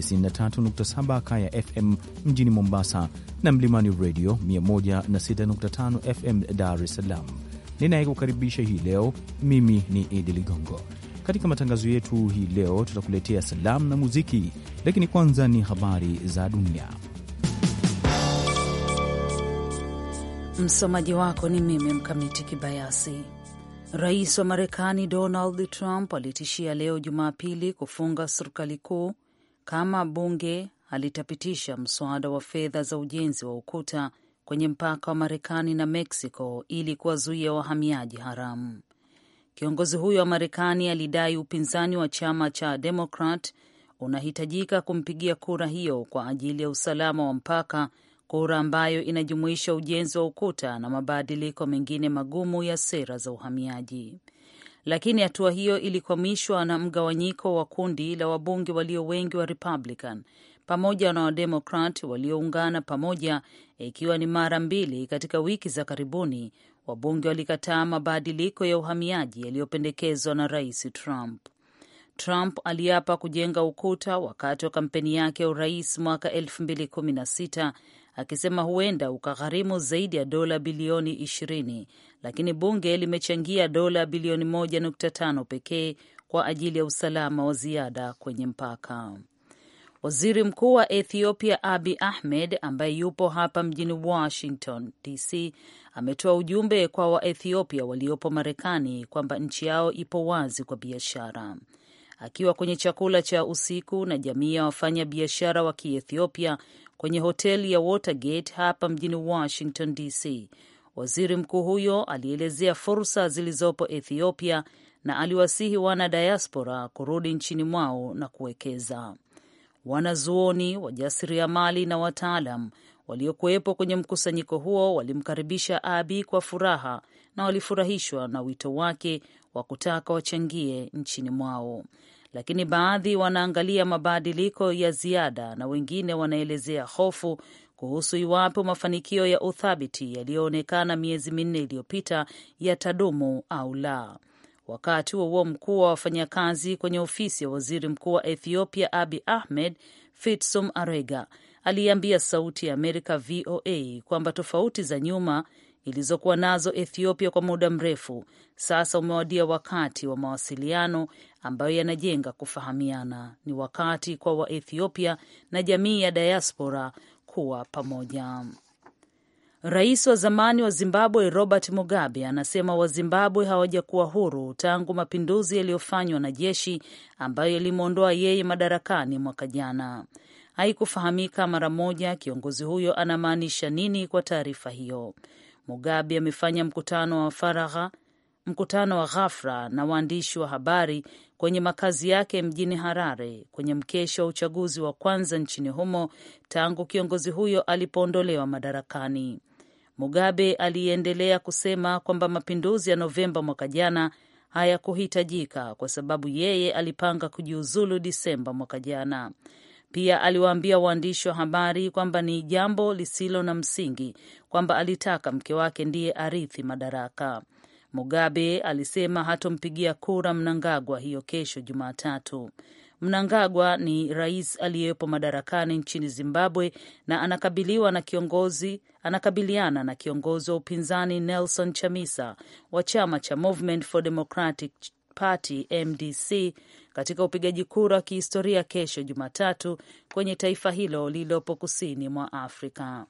93.7 Kaya FM mjini Mombasa na Mlimani Radio 106.5 FM Dar es Salaam. Ninayekukaribisha hii leo mimi ni Idi Ligongo. Katika matangazo yetu hii leo tutakuletea salamu na muziki, lakini kwanza ni habari za dunia. Msomaji wako ni mimi Mkamiti Kibayasi. Rais wa Marekani Donald Trump alitishia leo Jumapili kufunga serikali kuu kama bunge halitapitisha mswada wa fedha za ujenzi wa ukuta kwenye mpaka wa Marekani na Meksiko ili kuwazuia wahamiaji haramu. Kiongozi huyo wa Marekani alidai upinzani wa chama cha Demokrat unahitajika kumpigia kura hiyo kwa ajili ya usalama wa mpaka, kura ambayo inajumuisha ujenzi wa ukuta na mabadiliko mengine magumu ya sera za uhamiaji lakini hatua hiyo ilikwamishwa na mgawanyiko wa kundi la wabunge walio wengi wa Republican pamoja na Wademokrat walioungana pamoja, ikiwa ni mara mbili katika wiki za karibuni. Wabunge walikataa mabadiliko ya uhamiaji yaliyopendekezwa na Rais Trump. Trump aliapa kujenga ukuta wakati wa kampeni yake ya urais mwaka 2016 akisema huenda ukagharimu zaidi ya dola bilioni 20 lakini bunge limechangia dola bilioni 1.5 pekee kwa ajili ya usalama wa ziada kwenye mpaka. Waziri Mkuu wa Ethiopia Abi Ahmed, ambaye yupo hapa mjini Washington DC, ametoa ujumbe kwa Waethiopia waliopo Marekani kwamba nchi yao ipo wazi kwa biashara. Akiwa kwenye chakula cha usiku na jamii ya wafanya biashara wa Kiethiopia kwenye hoteli ya Watergate hapa mjini Washington DC. Waziri mkuu huyo alielezea fursa zilizopo Ethiopia na aliwasihi wana diaspora kurudi nchini mwao na kuwekeza. Wanazuoni, wajasiriamali na wataalam waliokuwepo kwenye mkusanyiko huo walimkaribisha Abi kwa furaha na walifurahishwa na wito wake wa kutaka wachangie nchini mwao lakini baadhi wanaangalia mabadiliko ya ziada na wengine wanaelezea hofu kuhusu iwapo mafanikio ya uthabiti yaliyoonekana miezi minne iliyopita yatadumu au la. Wakati huo mkuu wa wafanyakazi kwenye ofisi ya waziri mkuu wa Ethiopia Abi Ahmed Fitsum Arega aliambia Sauti ya Amerika VOA kwamba tofauti za nyuma ilizokuwa nazo Ethiopia kwa muda mrefu, sasa umewadia wakati wa mawasiliano ambayo yanajenga kufahamiana. Ni wakati kwa Waethiopia na jamii ya diaspora kuwa pamoja. Rais wa zamani wa Zimbabwe Robert Mugabe anasema Wazimbabwe hawajakuwa huru tangu mapinduzi yaliyofanywa na jeshi ambayo yalimwondoa yeye madarakani mwaka jana. Haikufahamika mara moja kiongozi huyo anamaanisha nini kwa taarifa hiyo. Mugabe amefanya mkutano wa faragha, mkutano wa ghafla na waandishi wa habari kwenye makazi yake mjini Harare kwenye mkesha wa uchaguzi wa kwanza nchini humo tangu kiongozi huyo alipoondolewa madarakani. Mugabe aliendelea kusema kwamba mapinduzi ya Novemba mwaka jana hayakuhitajika kwa sababu yeye alipanga kujiuzulu Disemba mwaka jana. Pia aliwaambia waandishi wa habari kwamba ni jambo lisilo na msingi kwamba alitaka mke wake ndiye arithi madaraka. Mugabe alisema hatompigia kura Mnangagwa hiyo kesho Jumatatu. Mnangagwa ni rais aliyepo madarakani nchini Zimbabwe na anakabiliwa na kiongozi anakabiliana na kiongozi wa upinzani Nelson Chamisa wa chama cha Movement for Democratic Party MDC katika upigaji kura wa kihistoria kesho Jumatatu kwenye taifa hilo lililopo kusini mwa Afrika.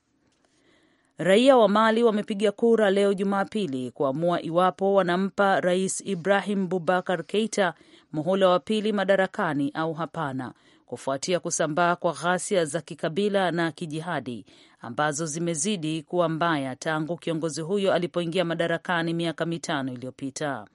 Raia wa Mali wamepiga kura leo Jumapili kuamua iwapo wanampa Rais Ibrahim bubakar Keita muhula wa pili madarakani au hapana, kufuatia kusambaa kwa ghasia za kikabila na kijihadi ambazo zimezidi kuwa mbaya tangu kiongozi huyo alipoingia madarakani miaka mitano iliyopita.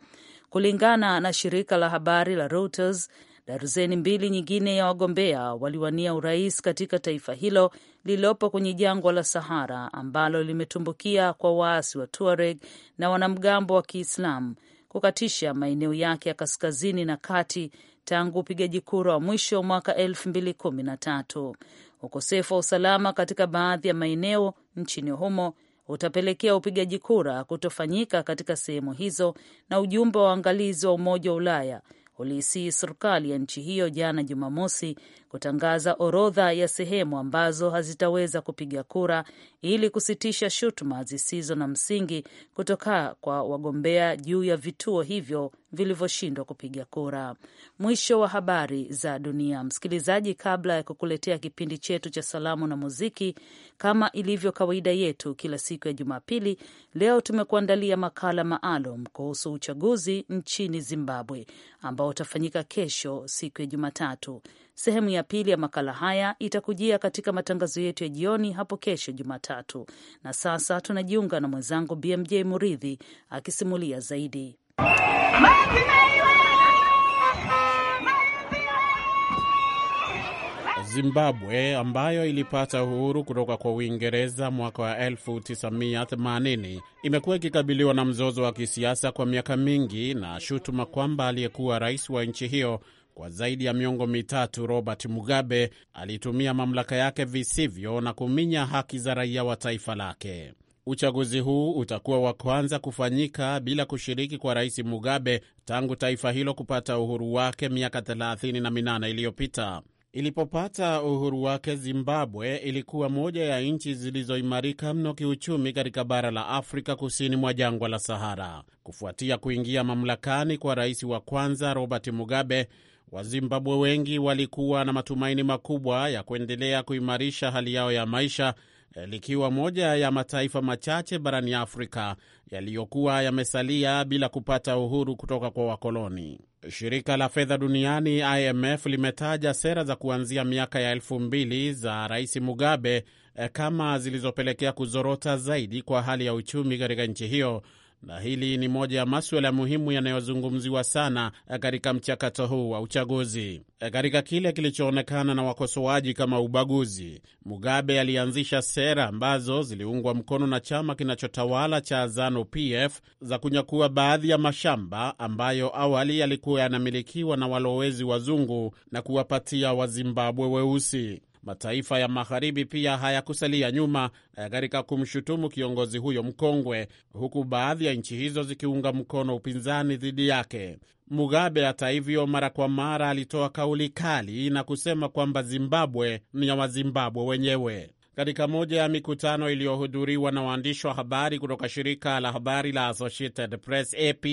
Kulingana na shirika la habari la Reuters, darzeni mbili nyingine ya wagombea waliwania urais katika taifa hilo lililopo kwenye jangwa la Sahara ambalo limetumbukia kwa waasi wa Tuareg na wanamgambo wa Kiislamu kukatisha maeneo yake ya kaskazini na kati tangu upigaji kura wa mwisho mwaka 2013. Ukosefu wa usalama katika baadhi ya maeneo nchini humo utapelekea upigaji kura kutofanyika katika sehemu hizo, na ujumbe wa waangalizi wa Umoja wa Ulaya uliisii serikali ya nchi hiyo jana Jumamosi kutangaza orodha ya sehemu ambazo hazitaweza kupiga kura ili kusitisha shutuma zisizo na msingi kutoka kwa wagombea juu ya vituo hivyo vilivyoshindwa kupiga kura. Mwisho wa habari za dunia. Msikilizaji, kabla ya kukuletea kipindi chetu cha salamu na muziki, kama ilivyo kawaida yetu kila siku ya Jumapili, leo tumekuandalia makala maalum kuhusu uchaguzi nchini Zimbabwe ambao utafanyika kesho, siku ya Jumatatu. Sehemu ya pili ya makala haya itakujia katika matangazo yetu ya jioni hapo kesho Jumatatu. Na sasa tunajiunga na mwenzangu BMJ Muridhi akisimulia zaidi. Zimbabwe ambayo ilipata uhuru kutoka kwa Uingereza mwaka wa 1980 imekuwa ikikabiliwa na mzozo wa kisiasa kwa miaka mingi na shutuma kwamba aliyekuwa rais wa nchi hiyo kwa zaidi ya miongo mitatu Robert Mugabe alitumia mamlaka yake visivyo na kuminya haki za raia wa taifa lake. Uchaguzi huu utakuwa wa kwanza kufanyika bila kushiriki kwa Rais Mugabe tangu taifa hilo kupata uhuru wake miaka 38 iliyopita. Ilipopata uhuru wake, Zimbabwe ilikuwa moja ya nchi zilizoimarika mno kiuchumi katika bara la Afrika kusini mwa jangwa la Sahara. Kufuatia kuingia mamlakani kwa rais wa kwanza Robert Mugabe, Wazimbabwe wengi walikuwa na matumaini makubwa ya kuendelea kuimarisha hali yao ya maisha Eh, likiwa moja ya mataifa machache barani Afrika yaliyokuwa yamesalia bila kupata uhuru kutoka kwa wakoloni. Shirika la fedha duniani IMF limetaja sera za kuanzia miaka ya elfu mbili za Rais Mugabe eh, kama zilizopelekea kuzorota zaidi kwa hali ya uchumi katika nchi hiyo na hili ni moja ya maswala muhimu yanayozungumziwa sana katika mchakato huu wa uchaguzi. Katika kile kilichoonekana na wakosoaji kama ubaguzi, Mugabe alianzisha sera ambazo ziliungwa mkono na chama kinachotawala cha Zanu-PF za kunyakua baadhi ya mashamba ambayo awali yalikuwa yanamilikiwa na walowezi wazungu na kuwapatia Wazimbabwe weusi. Mataifa ya magharibi pia hayakusalia nyuma eh, katika kumshutumu kiongozi huyo mkongwe, huku baadhi ya nchi hizo zikiunga mkono upinzani dhidi yake. Mugabe hata hivyo, mara kwa mara alitoa kauli kali na kusema kwamba Zimbabwe ni ya Wazimbabwe wenyewe. Katika moja ya mikutano iliyohudhuriwa na waandishi wa habari kutoka shirika la habari la Associated Press, AP,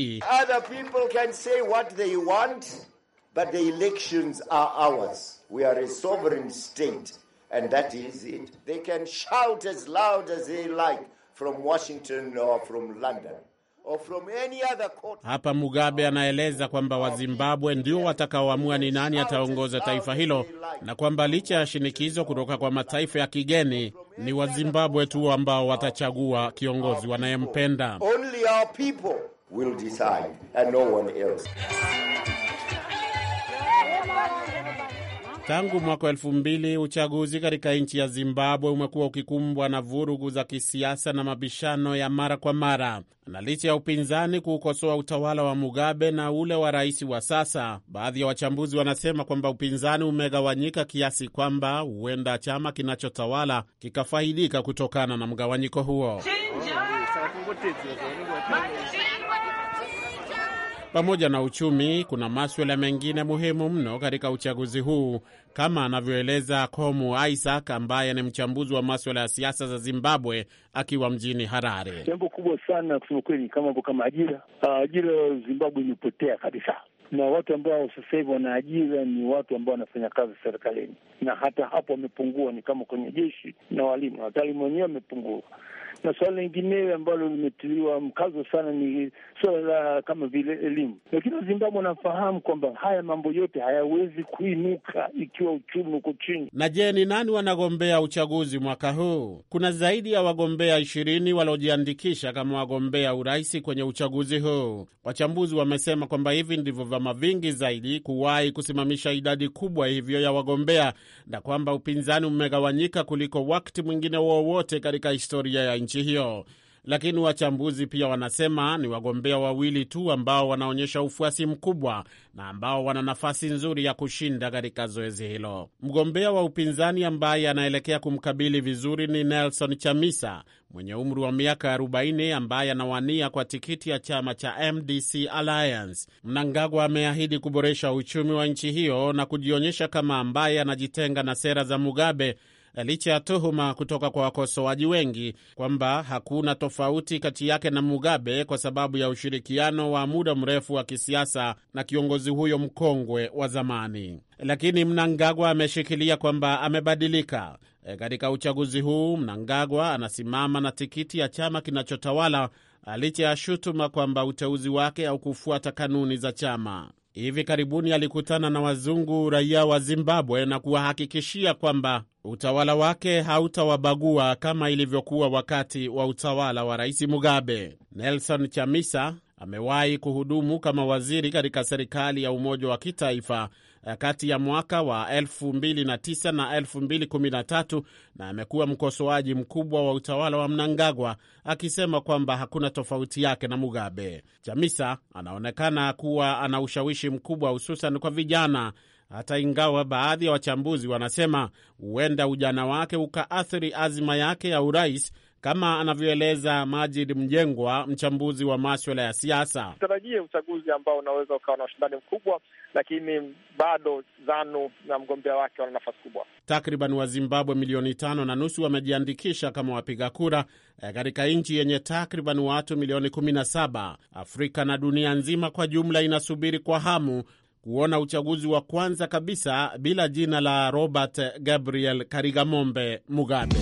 Other people can say what they want, but the elections are ours. We are a sovereign state, and that is it. They can shout as loud as they like from Washington or from London. Or from any other court. Hapa Mugabe anaeleza kwamba Wazimbabwe ndio watakaoamua ni nani ataongoza taifa hilo na kwamba licha ya shinikizo kutoka kwa mataifa ya kigeni ni Wazimbabwe tu ambao watachagua kiongozi wanayempenda. Only our people will decide and no one else. Tangu mwaka elfu mbili uchaguzi katika nchi ya Zimbabwe umekuwa ukikumbwa na vurugu za kisiasa na mabishano ya mara kwa mara, na licha ya upinzani kuukosoa utawala wa Mugabe na ule wa rais wa sasa, baadhi ya wachambuzi wanasema kwamba upinzani umegawanyika kiasi kwamba huenda chama kinachotawala kikafaidika kutokana na mgawanyiko huo. Chinja! Pamoja na uchumi, kuna maswala mengine muhimu mno katika uchaguzi huu, kama anavyoeleza Komu Isaac ambaye ni mchambuzi wa maswala ya siasa za Zimbabwe akiwa mjini Harare. Jambo kubwa sana kusema kweli, kama kama ajira, ah, ajira Zimbabwe imepotea kabisa na watu ambao sasa hivi wanaajira ni watu ambao wanafanya kazi serikalini, na hata hapo wamepungua, ni kama kwenye jeshi na walimu, wataalimu wenyewe wamepungua na suala lengineyo ambalo limetiliwa mkazo sana ni suala la kama vile elimu. Lakini Wazimbabwe wanafahamu kwamba haya mambo yote hayawezi kuinuka ikiwa uchumi uko chini. Na je, ni nani wanagombea uchaguzi mwaka huu? Kuna zaidi ya wagombea ishirini waliojiandikisha kama wagombea urais kwenye uchaguzi huu. Wachambuzi wamesema kwamba hivi ndivyo vyama vingi zaidi kuwahi kusimamisha idadi kubwa hivyo ya wagombea na kwamba upinzani umegawanyika kuliko wakati mwingine wowote katika historia ya nchi nchi hiyo. Lakini wachambuzi pia wanasema ni wagombea wawili tu ambao wanaonyesha ufuasi mkubwa na ambao wana nafasi nzuri ya kushinda katika zoezi hilo. Mgombea wa upinzani ambaye anaelekea kumkabili vizuri ni Nelson Chamisa mwenye umri wa miaka 40 ambaye anawania kwa tikiti ya chama cha MDC Alliance. Mnangagwa ameahidi kuboresha uchumi wa nchi hiyo na kujionyesha kama ambaye anajitenga na sera za Mugabe licha ya tuhuma kutoka kwa wakosoaji wengi kwamba hakuna tofauti kati yake na Mugabe kwa sababu ya ushirikiano wa muda mrefu wa kisiasa na kiongozi huyo mkongwe wa zamani. Lakini Mnangagwa ameshikilia kwamba amebadilika. E, katika uchaguzi huu Mnangagwa anasimama na tikiti ya chama kinachotawala licha ya shutuma kwamba uteuzi wake haukufuata kanuni za chama hivi karibuni alikutana na wazungu raia wa Zimbabwe na kuwahakikishia kwamba utawala wake hautawabagua kama ilivyokuwa wakati wa utawala wa Rais Mugabe. Nelson Chamisa amewahi kuhudumu kama waziri katika serikali ya umoja wa kitaifa Eh, kati ya mwaka wa 2009 na 2013 na amekuwa mkosoaji mkubwa wa utawala wa Mnangagwa akisema kwamba hakuna tofauti yake na Mugabe. Chamisa anaonekana kuwa ana ushawishi mkubwa hususan kwa vijana hata ingawa baadhi ya wa wachambuzi wanasema huenda ujana wake ukaathiri azima yake ya urais kama anavyoeleza Majid Mjengwa, mchambuzi wa maswala ya siasa. Tarajie uchaguzi ambao unaweza ukawa na ushindani mkubwa, lakini bado ZANU na mgombea wake wana nafasi kubwa. Takriban Wazimbabwe milioni tano na nusu wamejiandikisha kama wapiga kura eh, katika nchi yenye takriban watu milioni 17. Afrika na dunia nzima kwa jumla inasubiri kwa hamu kuona uchaguzi wa kwanza kabisa bila jina la Robert Gabriel Karigamombe Mugabe.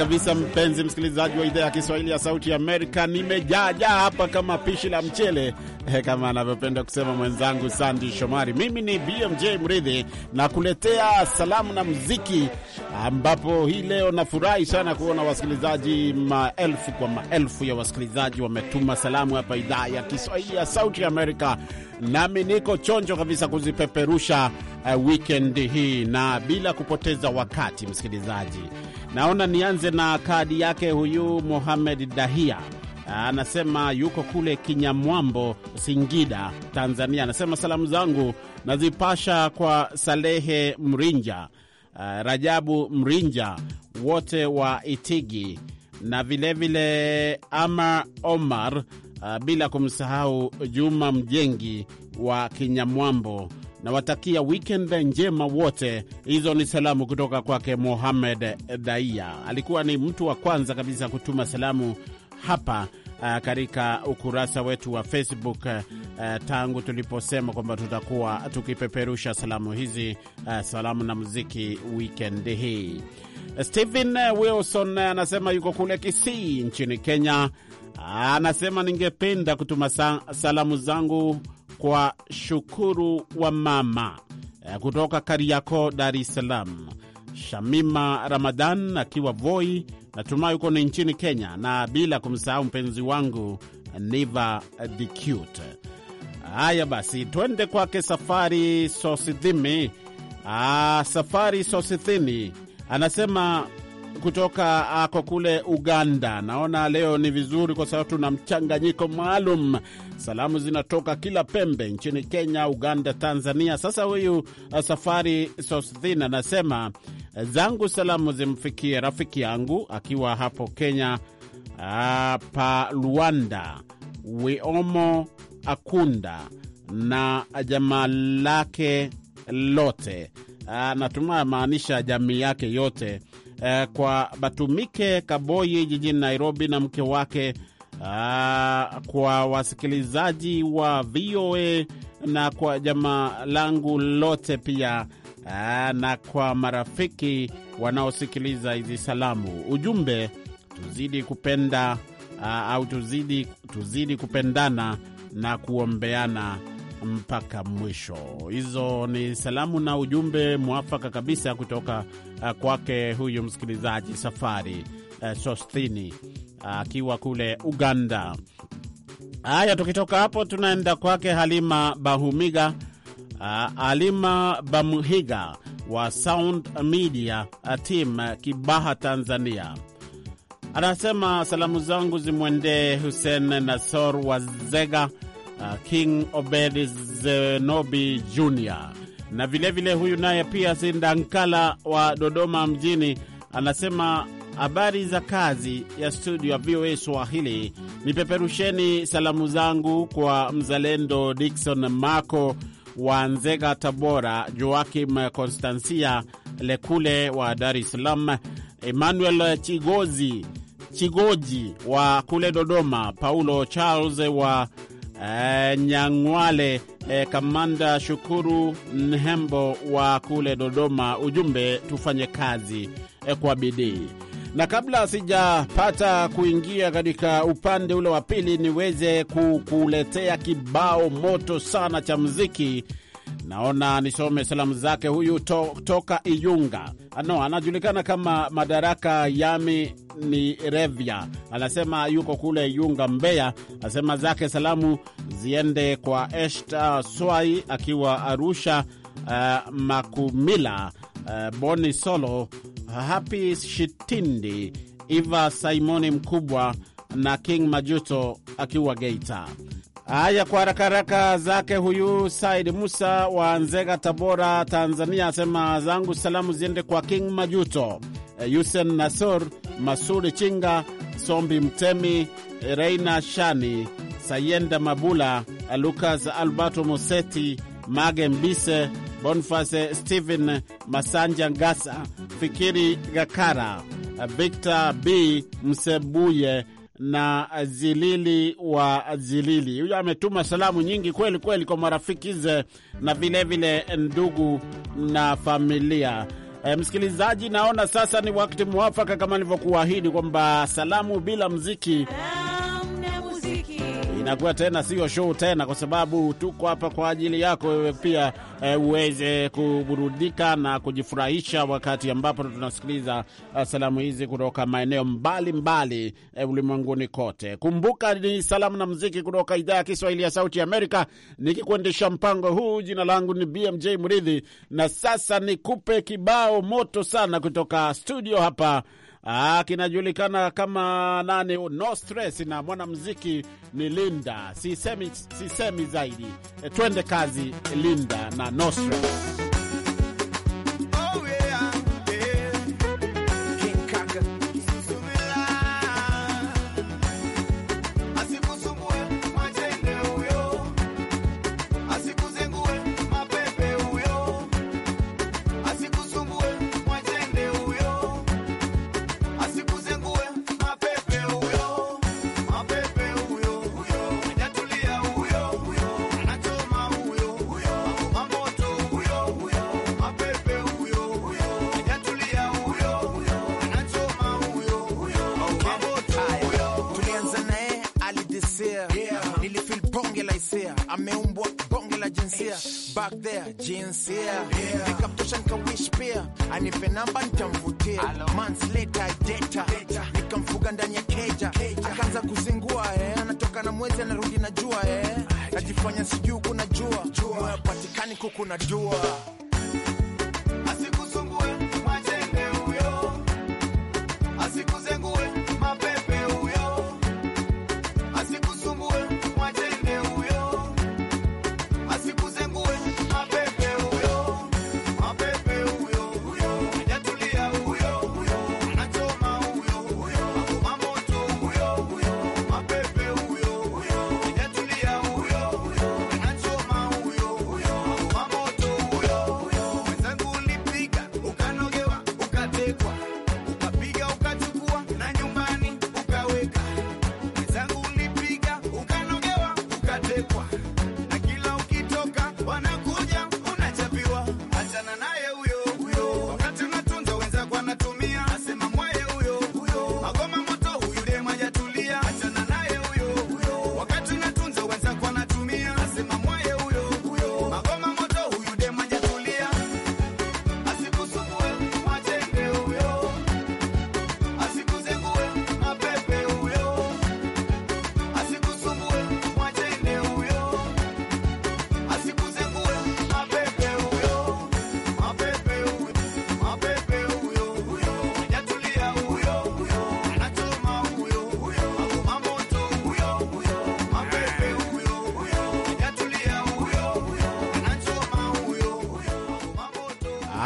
kabisa mpenzi msikilizaji wa idhaa ya Kiswahili ya Sauti ya Amerika, nimejaajaa hapa kama pishi la mchele eh, kama anavyopenda kusema mwenzangu Sandi Shomari. Mimi ni BMJ Mridhi na kuletea salamu na muziki, ambapo hii leo nafurahi sana kuona wasikilizaji, maelfu kwa maelfu ya wasikilizaji wametuma salamu hapa idhaa ya Kiswahili ya Sauti ya Amerika, nami niko chonjo kabisa kuzipeperusha uh, eh, wikendi hii, na bila kupoteza wakati, msikilizaji, naona nianze na kadi yake huyu Mohamed Dahia ah, anasema yuko kule Kinyamwambo, Singida, Tanzania. Anasema salamu zangu nazipasha kwa Salehe Mrinja, uh, Rajabu Mrinja, wote wa Itigi na vilevile vile Ama Omar, uh, bila kumsahau Juma Mjengi wa Kinyamwambo Nawatakia wikend njema wote. Hizo ni salamu kutoka kwake Mohamed Daia, alikuwa ni mtu wa kwanza kabisa kutuma salamu hapa Uh, katika ukurasa wetu wa Facebook uh, tangu tuliposema kwamba tutakuwa tukipeperusha salamu hizi uh, salamu na muziki wikend hii. Stephen Wilson anasema yuko kule Kisii nchini Kenya anasema ningependa kutuma salamu zangu kwa Shukuru wa mama eh, kutoka kariako Dar es Salaam, Shamima Ramadan akiwa Voi, natumai uko ni nchini Kenya, na bila kumsahau mpenzi wangu Niva the Cute. Haya basi, twende kwake Safari Sosithimi. Ah, Safari Sosithini anasema kutoka ako ah, kule Uganda. Naona leo ni vizuri kwa sababu tuna mchanganyiko maalum. Salamu zinatoka kila pembe nchini Kenya, Uganda, Tanzania. Sasa huyu ah, Safari Sosthin anasema eh, zangu salamu zimfikie rafiki yangu akiwa hapo Kenya, ah, pa Luanda, Wiomo Akunda na jamaa lake lote, natumai maanisha jamii yake yote eh, kwa Batumike Kaboyi jijini Nairobi na mke wake ah, kwa wasikilizaji wa VOA na kwa jamaa langu lote pia ah, na kwa marafiki wanaosikiliza hizi salamu. Ujumbe tuzidi kupenda ah, au tuzidi, tuzidi kupendana na kuombeana mpaka mwisho. Hizo ni salamu na ujumbe mwafaka kabisa kutoka uh, kwake huyu msikilizaji Safari uh, Sostini uh, akiwa uh, kule Uganda. Haya, tukitoka hapo tunaenda kwake Halima Bahumiga uh, Halima Bamhiga wa Sound Media uh, Team uh, Kibaha, Tanzania. Anasema salamu zangu zimwendee Hussein Nasor Wazega uh, King Obed Zenobi Jr na vilevile vile huyu naye pia Sindankala wa Dodoma mjini anasema habari za kazi ya studio ya VOA Swahili, nipeperusheni salamu zangu kwa mzalendo Dikson Mako wa Nzega, Tabora, Joakim constancia Lekule wa Dar es Salaam, Emmanuel Chigozi Chigoji wa kule Dodoma, Paulo Charles wa Eh, Nyang'wale e, Kamanda Shukuru Nhembo wa kule Dodoma. Ujumbe tufanye kazi e, kwa bidii na kabla sijapata kuingia katika upande ule wa pili, niweze kukuletea kibao moto sana cha muziki Naona nisome salamu zake huyu to, toka Iyunga no, anajulikana kama Madaraka Yami ni Revya, anasema yuko kule Iyunga, Mbeya. Anasema zake salamu ziende kwa Eshta Swai akiwa Arusha, uh, Makumila, uh, Boni Solo, Hapi Shitindi, Iva Simoni mkubwa na King Majuto akiwa Geita. Haya, kwa haraka haraka zake huyu Said Musa wa Nzega, Tabora, Tanzania, asema zangu salamu ziende kwa King Majuto, eh, Yusen Nasor, Masuri Chinga, Sombi Mtemi, Reina Shani, Sayenda Mabula, Lukas Alberto Moseti, Mage Mbise, bonifas Stephen Masanja Ngasa, Fikiri Gakara, Victor B Msebuye na Zilili wa Zilili. Huyo ametuma salamu nyingi kweli kweli kwa marafiki ze na vilevile vile ndugu na familia. E, msikilizaji, naona sasa ni wakati mwafaka kama nilivyokuahidi kwamba salamu bila mziki inakuwa tena sio show tena, kwa sababu tuko hapa kwa ajili yako wewe pia e, uweze kuburudika na kujifurahisha wakati ambapo tunasikiliza eh, salamu hizi kutoka maeneo mbalimbali e, ulimwenguni kote. Kumbuka ni salamu na muziki kutoka idhaa ya Kiswahili ya Sauti ya Amerika, nikikuendesha mpango huu. Jina langu ni BMJ Mridhi, na sasa nikupe kibao moto sana kutoka studio hapa Ah, kinajulikana kama nani, no stress na mwanamuziki ni Linda. Sisemi, sisemi zaidi. E, twende kazi Linda na no stress. here, back there here. yeah. Nikamtosha nikawish pia anipe namba nitamvutia. Months later data nikamfuga ndani ya keja, akanza kuzingua eh, anatoka na mwezi anarudi na jua eh, najifanya sijui kuna jua, jua. Patikani kukuna jua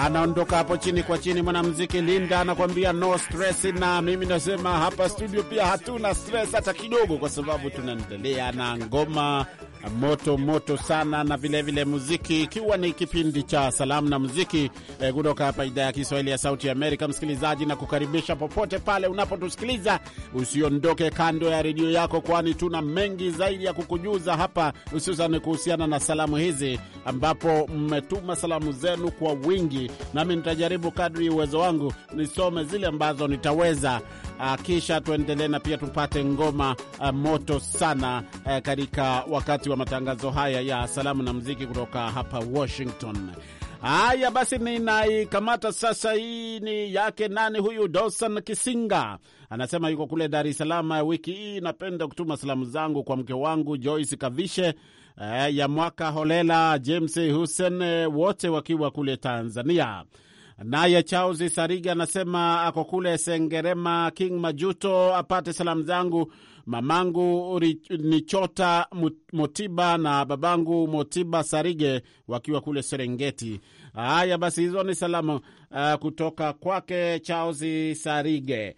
anaondoka hapo chini kwa chini. Mwanamuziki Linda anakuambia no stress, na mimi nasema hapa studio pia hatuna stress hata kidogo, kwa sababu tunaendelea na ngoma moto moto sana, na vilevile vile muziki, ikiwa ni kipindi cha salamu na muziki eh, kutoka hapa idhaa ya Kiswahili ya Sauti ya Amerika. Msikilizaji, na kukaribisha popote pale unapotusikiliza, usiondoke kando ya redio yako, kwani tuna mengi zaidi ya kukujuza hapa, hususan kuhusiana na salamu hizi, ambapo mmetuma salamu zenu kwa wingi, nami nitajaribu kadri uwezo wangu nisome zile ambazo nitaweza uh, kisha tuendelee na pia tupate ngoma uh, moto sana uh, katika wakati wa matangazo haya ya salamu na mziki kutoka hapa Washington. Haya basi, ninaikamata sasa. Hii ni yake nani huyu? dosan Kisinga anasema yuko kule Dar es Salaam. Eh, wiki hii napenda kutuma salamu zangu kwa mke wangu Joyce Kavishe eh, ya mwaka Holela, James Hussein, eh, wote wakiwa kule Tanzania. Naye Charles Sariga anasema ako kule Sengerema, King Majuto apate salamu zangu mamangu Nichota Motiba na babangu Motiba Sarige wakiwa kule Serengeti. Haya basi, hizo ni salamu uh, kutoka kwake Charles Sarige.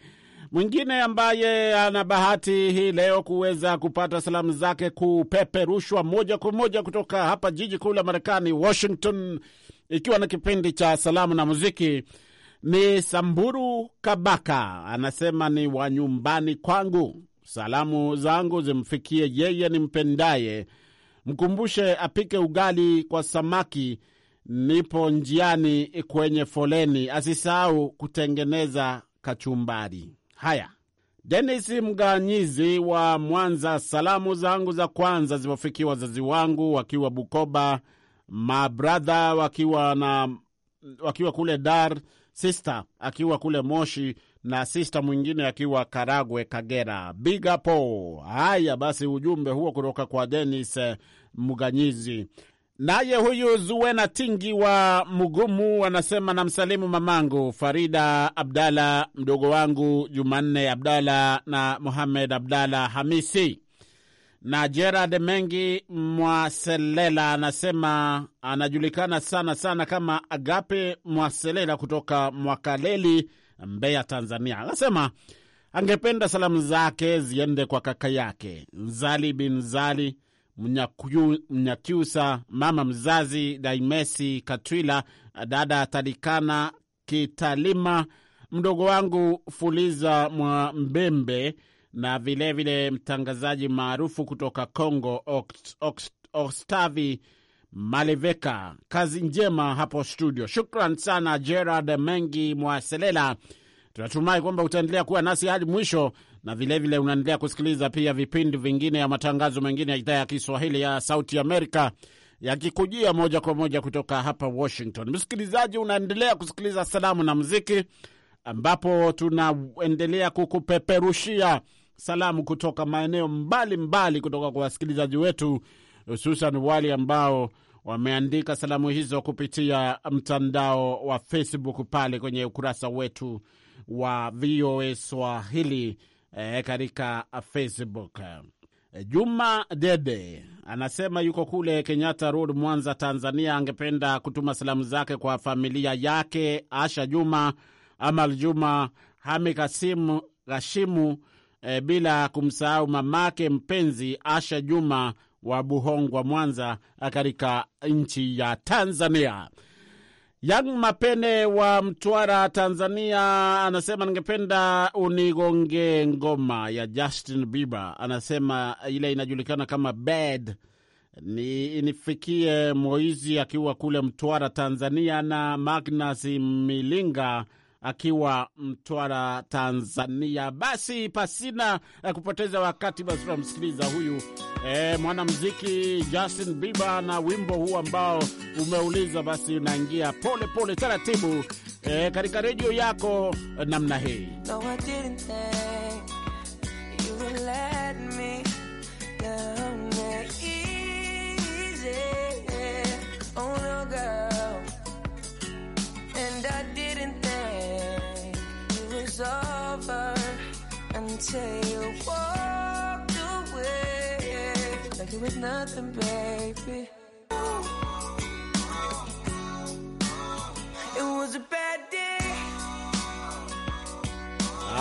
Mwingine ambaye ana bahati hii leo kuweza kupata salamu zake kupeperushwa moja kwa moja kutoka hapa jiji kuu la Marekani, Washington ikiwa na kipindi cha salamu na muziki. Ni Samburu Kabaka anasema ni wa nyumbani kwangu, salamu zangu zimfikie yeye nimpendaye, mkumbushe apike ugali kwa samaki, nipo njiani kwenye foleni, asisahau kutengeneza kachumbari. Haya, Denis Mganyizi wa Mwanza, salamu zangu za kwanza ziwafikia wazazi wangu wakiwa Bukoba mabradha wakiwa na wakiwa kule Dar, sister akiwa kule Moshi na sista mwingine akiwa Karagwe, Kagera. Big Haya basi, ujumbe huo kutoka kwa Denis eh, Muganyizi. Naye huyu Zuena Tingi wa Mugumu anasema namsalimu mamangu Farida Abdalah, mdogo wangu Jumanne Abdalah na Muhamed abdalah Hamisi na Gerard Mengi Mwaselela anasema anajulikana sana sana kama Agape Mwaselela kutoka Mwakaleli, Mbeya, Tanzania. Anasema angependa salamu zake ziende kwa kaka yake mzali bin zali Mnyakyusa, mama mzazi Daimesi Katwila, dada Talikana Kitalima, mdogo wangu Fuliza Mwa Mbembe na vilevile vile mtangazaji maarufu kutoka Congo Oct, Oct, Ostavi Maleveka. Kazi njema hapo studio. Shukran sana Gerard Mengi Mwaselela. Tunatumai kwamba utaendelea kuwa nasi hadi mwisho, na vilevile unaendelea kusikiliza pia vipindi vingine ya matangazo mengine ya idhaa ya Kiswahili ya Sauti Amerika yakikujia moja kwa moja kutoka hapa Washington. Msikilizaji, unaendelea kusikiliza salamu na muziki, ambapo tunaendelea kukupeperushia salamu kutoka maeneo mbalimbali mbali kutoka kwa wasikilizaji wetu, hususan wale ambao wameandika salamu hizo kupitia mtandao wa Facebook pale kwenye ukurasa wetu wa VOA Swahili eh, katika Facebook. Juma Dede anasema yuko kule Kenyatta Road, Mwanza, Tanzania. Angependa kutuma salamu zake kwa familia yake Asha Juma, Amal Juma, Hami Kasimu, Gashimu e, bila kumsahau mamake mpenzi Asha Juma wa Buhongwa, Mwanza, katika nchi ya Tanzania. Yang Mapene wa Mtwara, Tanzania, anasema ningependa unigonge ngoma ya Justin Bieber. Anasema ile inajulikana kama Bad ni Moizi akiwa kule Mtwara, Tanzania, na Magnus Milinga akiwa Mtwara, Tanzania. Basi pasina eh, kupoteza wakati, basi tunamsikiliza huyu e, mwanamuziki Justin Bieber na wimbo huu ambao umeuliza, basi unaingia pole pole taratibu e, katika redio yako namna hii no, tail and walked away like it was nothing, baby.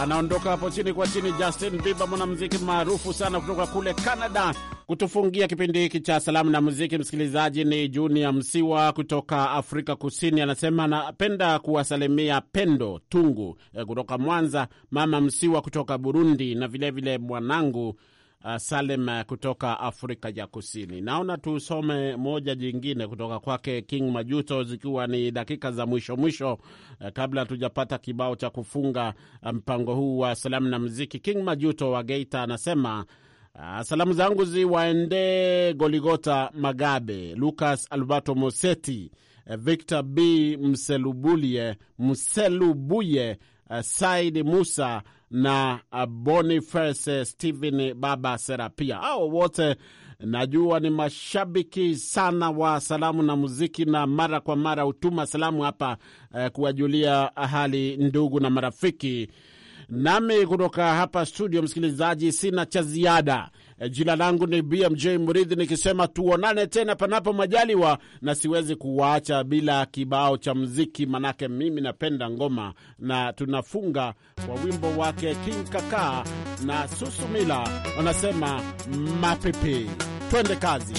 anaondoka hapo chini kwa chini. Justin Bieber, mwanamuziki maarufu sana kutoka kule Canada. Kutufungia kipindi hiki cha salamu na muziki, msikilizaji, ni junia Msiwa kutoka Afrika Kusini. Anasema anapenda kuwasalimia Pendo Tungu eh, kutoka Mwanza, mama Msiwa kutoka Burundi na vilevile mwanangu vile Uh, Salem uh, kutoka Afrika ya Kusini. Naona tusome moja jingine kutoka kwake King Majuto, zikiwa ni dakika za mwisho mwisho uh, kabla hatujapata kibao cha kufunga mpango huu wa salamu na muziki. King Majuto wa Geita anasema salamu zangu ziwaendee Goligota Magabe, Lucas Alberto Moseti, Victor B Mselubulie Mselubuye Eh, Said Musa na bonifes eh, Boniface Stephen Baba Serapia. Hao wote eh, najua ni mashabiki sana wa salamu na muziki, na mara kwa mara hutuma salamu hapa eh, kuwajulia hali ndugu na marafiki. Nami kutoka hapa studio, msikilizaji, sina cha ziada Eh, jina langu ni BMJ Mridhi, nikisema tuonane tena panapo majaliwa, na siwezi kuwaacha bila kibao cha mziki, manake mimi napenda ngoma, na tunafunga kwa wimbo wake King Kaka na Susumila wanasema mapepe. Twende kazi.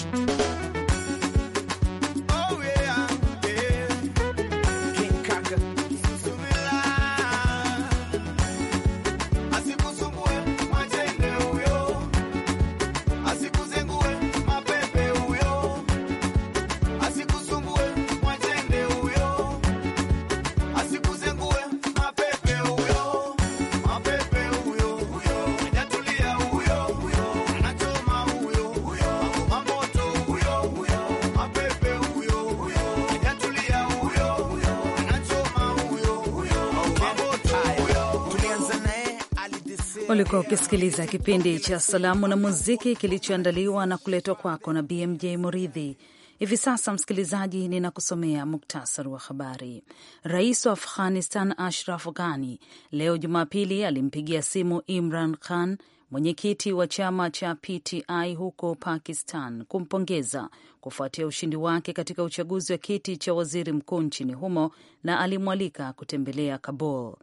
Ulikuwa ukisikiliza kipindi cha Salamu na Muziki kilichoandaliwa na kuletwa kwako na BMJ Muridhi. Hivi sasa msikilizaji, ninakusomea muktasari wa habari. Rais wa Afghanistan Ashraf Ghani leo Jumapili alimpigia simu Imran Khan, mwenyekiti wa chama cha PTI huko Pakistan, kumpongeza kufuatia ushindi wake katika uchaguzi wa kiti cha waziri mkuu nchini humo na alimwalika kutembelea Kabul.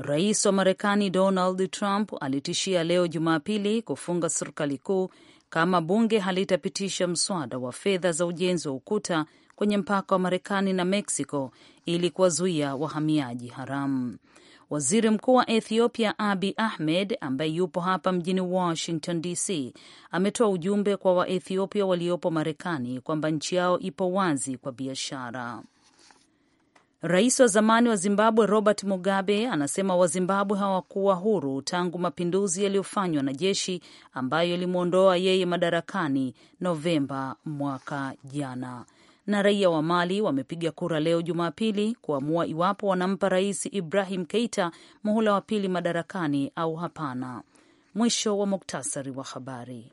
Rais wa Marekani Donald Trump alitishia leo Jumapili kufunga serikali kuu kama bunge halitapitisha mswada wa fedha za ujenzi wa ukuta kwenye mpaka wa Marekani na Mexico ili kuwazuia wahamiaji haramu. Waziri Mkuu wa Ethiopia Abi Ahmed, ambaye yupo hapa mjini Washington DC, ametoa ujumbe kwa Waethiopia waliopo Marekani kwamba nchi yao ipo wazi kwa biashara. Rais wa zamani wa Zimbabwe Robert Mugabe anasema Wazimbabwe hawakuwa huru tangu mapinduzi yaliyofanywa na jeshi ambayo ilimwondoa yeye madarakani Novemba mwaka jana. Na raia wa Mali wamepiga kura leo Jumapili kuamua iwapo wanampa Rais Ibrahim Keita muhula wa pili madarakani au hapana. Mwisho wa muktasari wa habari.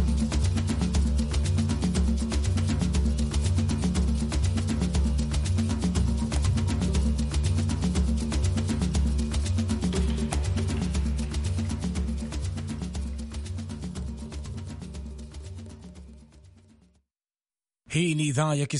Hii ni idhaa ya